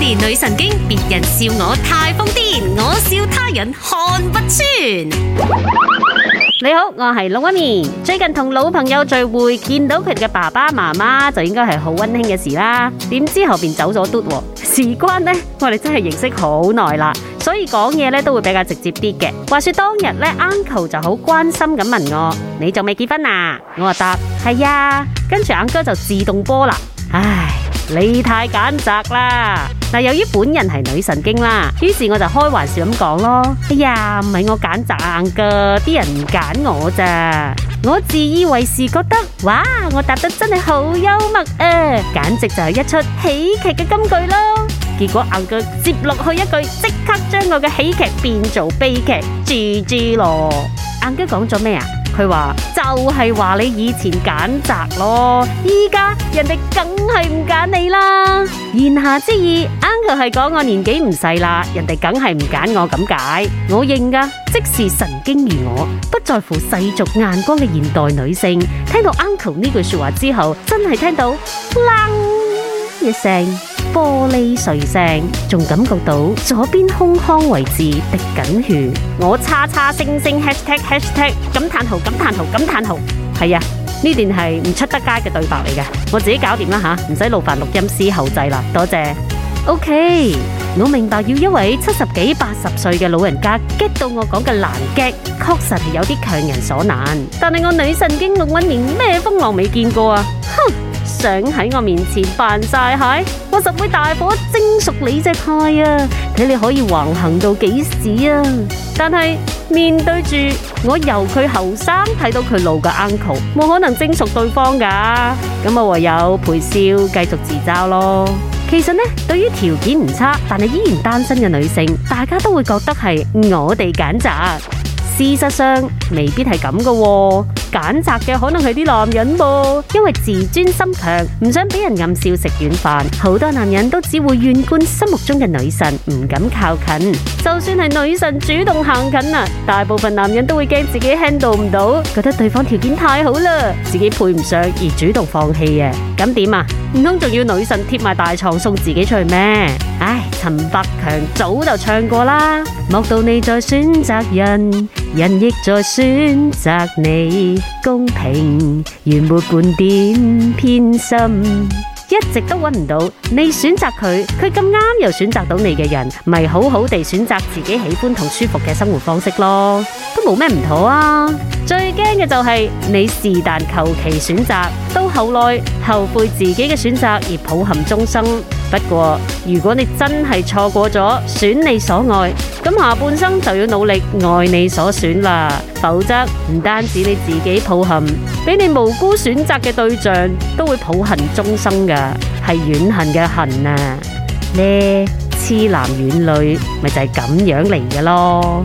年女神經，別人笑我太瘋癲，我笑他人看不穿。你好，我係 Melody。最近同老朋友聚會，見到佢哋嘅爸爸媽媽，就應該係好溫馨嘅事啦。點知後邊走咗嘟，事關呢，我哋真係認識好耐啦，所以講嘢咧都會比較直接啲嘅。話說當日咧，uncle 就好關心咁問我，你仲未結婚啊？我話答係呀，跟住 uncle 就自動波啦。唉。你太揀擇啦！由於本人係女神經啦，於是我就開玩笑咁講咯。哎呀，唔係我揀擇硬噶，啲人唔揀我咋？我自以為是，覺得哇，我答得真係好幽默啊，簡直就係一出喜劇嘅金句咯。結果 Uncle 接落去一句，即刻將我嘅喜劇變做悲劇，GG 咯。Uncle 講咗咩啊？佢話就係、是、話你以前揀擇咯，依家人哋梗係唔揀你啦。言下之意，uncle 係講我年紀唔細啦，人哋梗係唔揀我咁解。我認噶，即使神經如我，不在乎世俗眼光嘅現代女性。聽到 uncle 呢句說話之後，真係聽到一聲。玻璃碎聲，仲感覺到左邊胸腔位置滴緊血。我叉叉星星 hashtag hashtag 感嘆號感嘆號感嘆號係啊，呢段係唔出得街嘅對白嚟嘅，我自己搞掂啦吓，唔使勞煩錄音師後製啦，多謝。OK，我明白要一位七十幾、八十歲嘅老人家激到我講嘅難激，確實係有啲強人所難。但係我女神經六十年，咩風浪未見過啊！哼。想喺我面前扮晒蟹，我實會大火蒸熟你隻蟹啊！睇你可以橫行到幾時啊！但係面對住我由佢後生睇到佢老嘅 uncle，冇可能蒸熟對方噶。咁啊，唯有陪笑繼續自嘲咯。其實呢，對於條件唔差但係依然單身嘅女性，大家都會覺得係我哋揀擇。事實上，未必係咁噶。揀擇嘅可能係啲男人噃，因為自尊心強，唔想俾人暗笑食軟飯。好多男人都只會遠觀心目中嘅女神，唔敢靠近。就算係女神主動行近啊，大部分男人都會驚自己 handle 唔到，覺得對方條件太好啦，自己配唔上而主動放棄啊。咁點啊？唔通仲要女神貼埋大床送自己出去咩？唉，陳百強早就唱過啦，莫道你在選擇人，人亦在選擇你。公平，原沒觀點偏心，一直都揾唔到你選擇佢，佢咁啱又選擇到你嘅人，咪好好地選擇自己喜歡同舒服嘅生活方式咯，都冇咩唔妥啊！最驚嘅就係你是但求其選擇，到後來後悔自己嘅選擇而抱憾終生。不過如果你真係錯過咗選你所愛，咁下半生就要努力愛你所選啦。否則唔單止你自己抱憾，俾你無辜選擇嘅對象都會抱憾終生嘅，係怨恨嘅恨啊！呢癡男怨女咪就係、是、咁樣嚟嘅咯。